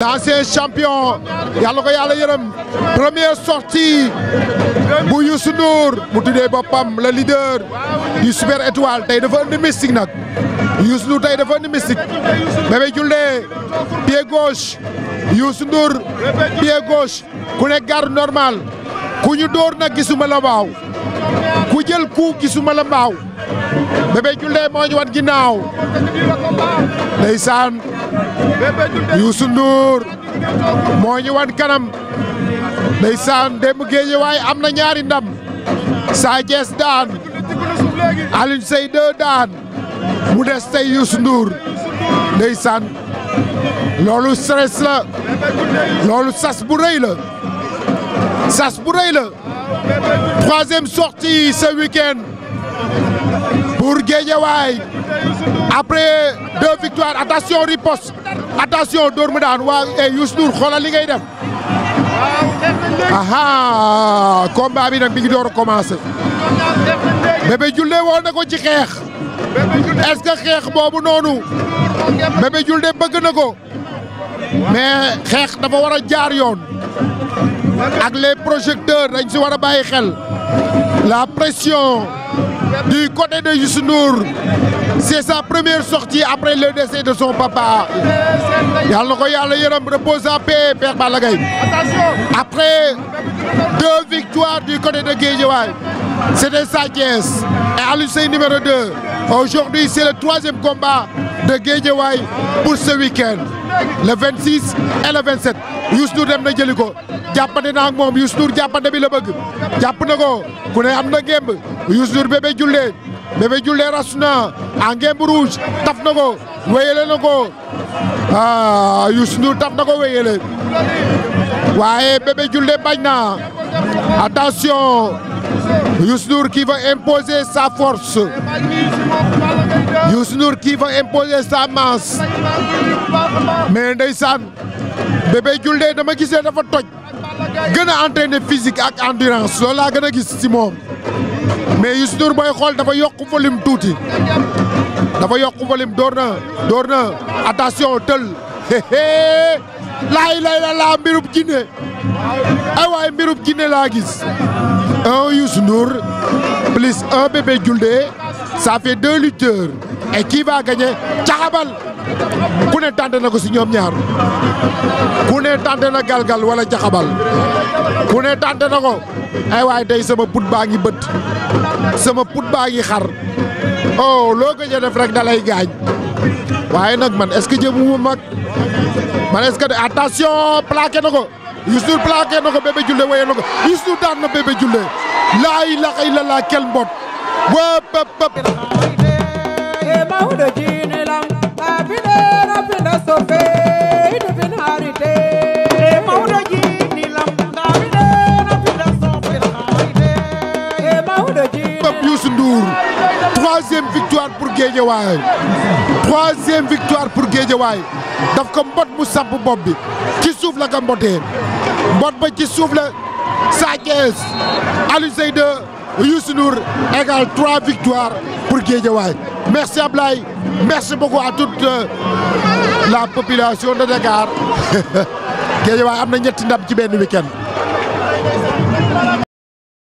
l'ancien champion yàlla ko yàlla yërëm première sortie bu Youssou Ndour mu tuddee boppam le leader du super étoile tey dafa indi mystique nag Youssou Ndour tey dafa indi mystique Bébé Diouldé pied gauche Youssou Ndour pied ku ne garde normal ku ñu dóor nag gisuma la mbaaw ku jël ku gisuma la baaw Bébé Diouldé moo ñu wan ginnaaw ndeysaan Youssou Ndour moo ñu wan kanam ndeysaan démb géej waaye am na ñaari ndam Sa Thiès daan Alioune Seye 2 daan mu des tey Youssou Ndour ndeysaan loolu stress la loolu sas bu rëy la sas bu rëy la troisième sortie ce week-end pour Guédiawaye après deux victoires attention riposte attention dóor daan waa et eh, Youssou Ndour xoolal li ngay def aha combat bi nag mi ngi door a commencé Bébé Diouldé ko ci xeex est-ce xeex boobu noonu Bébé Diouldé bëgg na ko mais xeex dafa war a jaar yoon ak les projecteurs dañ si war a bàyyi xel la pression du côté de Youssou Ndour c'est sa première sortie après le décès de son papa yàlla na ko yàlla yërëm repose en paix Père Balla Gaye après deux victoires du côté de Guédiawaye c'était Sa Thiès et Aliou Seye numéro 2. Aujourd'hui, c'est le troisième combat de Guédiawaye pour ce week-end. Le 26 et le 27 Youssou Ndour dem na jëli ko jàppante na ak moom Youssou Ndour jàppante bi bëgg jàpp na ko ku ne am na ngemb Youssou Ndour bébé Julle bébé Julle rasu na en ngemb taf na ko wéyale na ko ah Youssou taf na ko wéyale waaye bébé bañ na attention. Youssou Ndour qui va imposer sa force Youssou Ndour qui va imposer sa masse mais ndeysaan Bébé Diouldé dama gisee dafa toj gën a antene physique ak endurance loolu laa gën a gis ci moom mais Youssou Ndour booy xool dafa yokk volume tuuti dafa yokk volume door na door na attention tël laay la laa mbirub jinne ay waay mbirub jinne laa gis un Youssou Ndour plus un Bébé Diouldé ça fait deux lutteurs et qui va caxabal ku ne tànte na ko si ñoom ñaar ku ne tànte na galgal wala jaxabal ku ne tànte na ko ay tey sama put baa ngi bët sama put baa ngi xar oh loo gëj a def rek da lay gaañ waaye nag man est jëmuma mag Balès Kade attention plaqué na ko Youssou plaqué na ko Bébé Diouldé wéyee na ko Youssou daan na Bébé Diouldé laa kel mbot waa pep pep. victoire pour Guédiawaye troisième victoire pour Guédiawaye. daf ko mbot mu samp bopp bi ci suuf la ko mbotee mbot ba ci suuf la Sa Thiès Aliou Seye 2 Youssou Ndour égale victoires pour Guédiawaye merci Ablaye merci beaucoup à toute euh, la population de Dakar Guédiawaye am na ñetti ndam ci benn week-end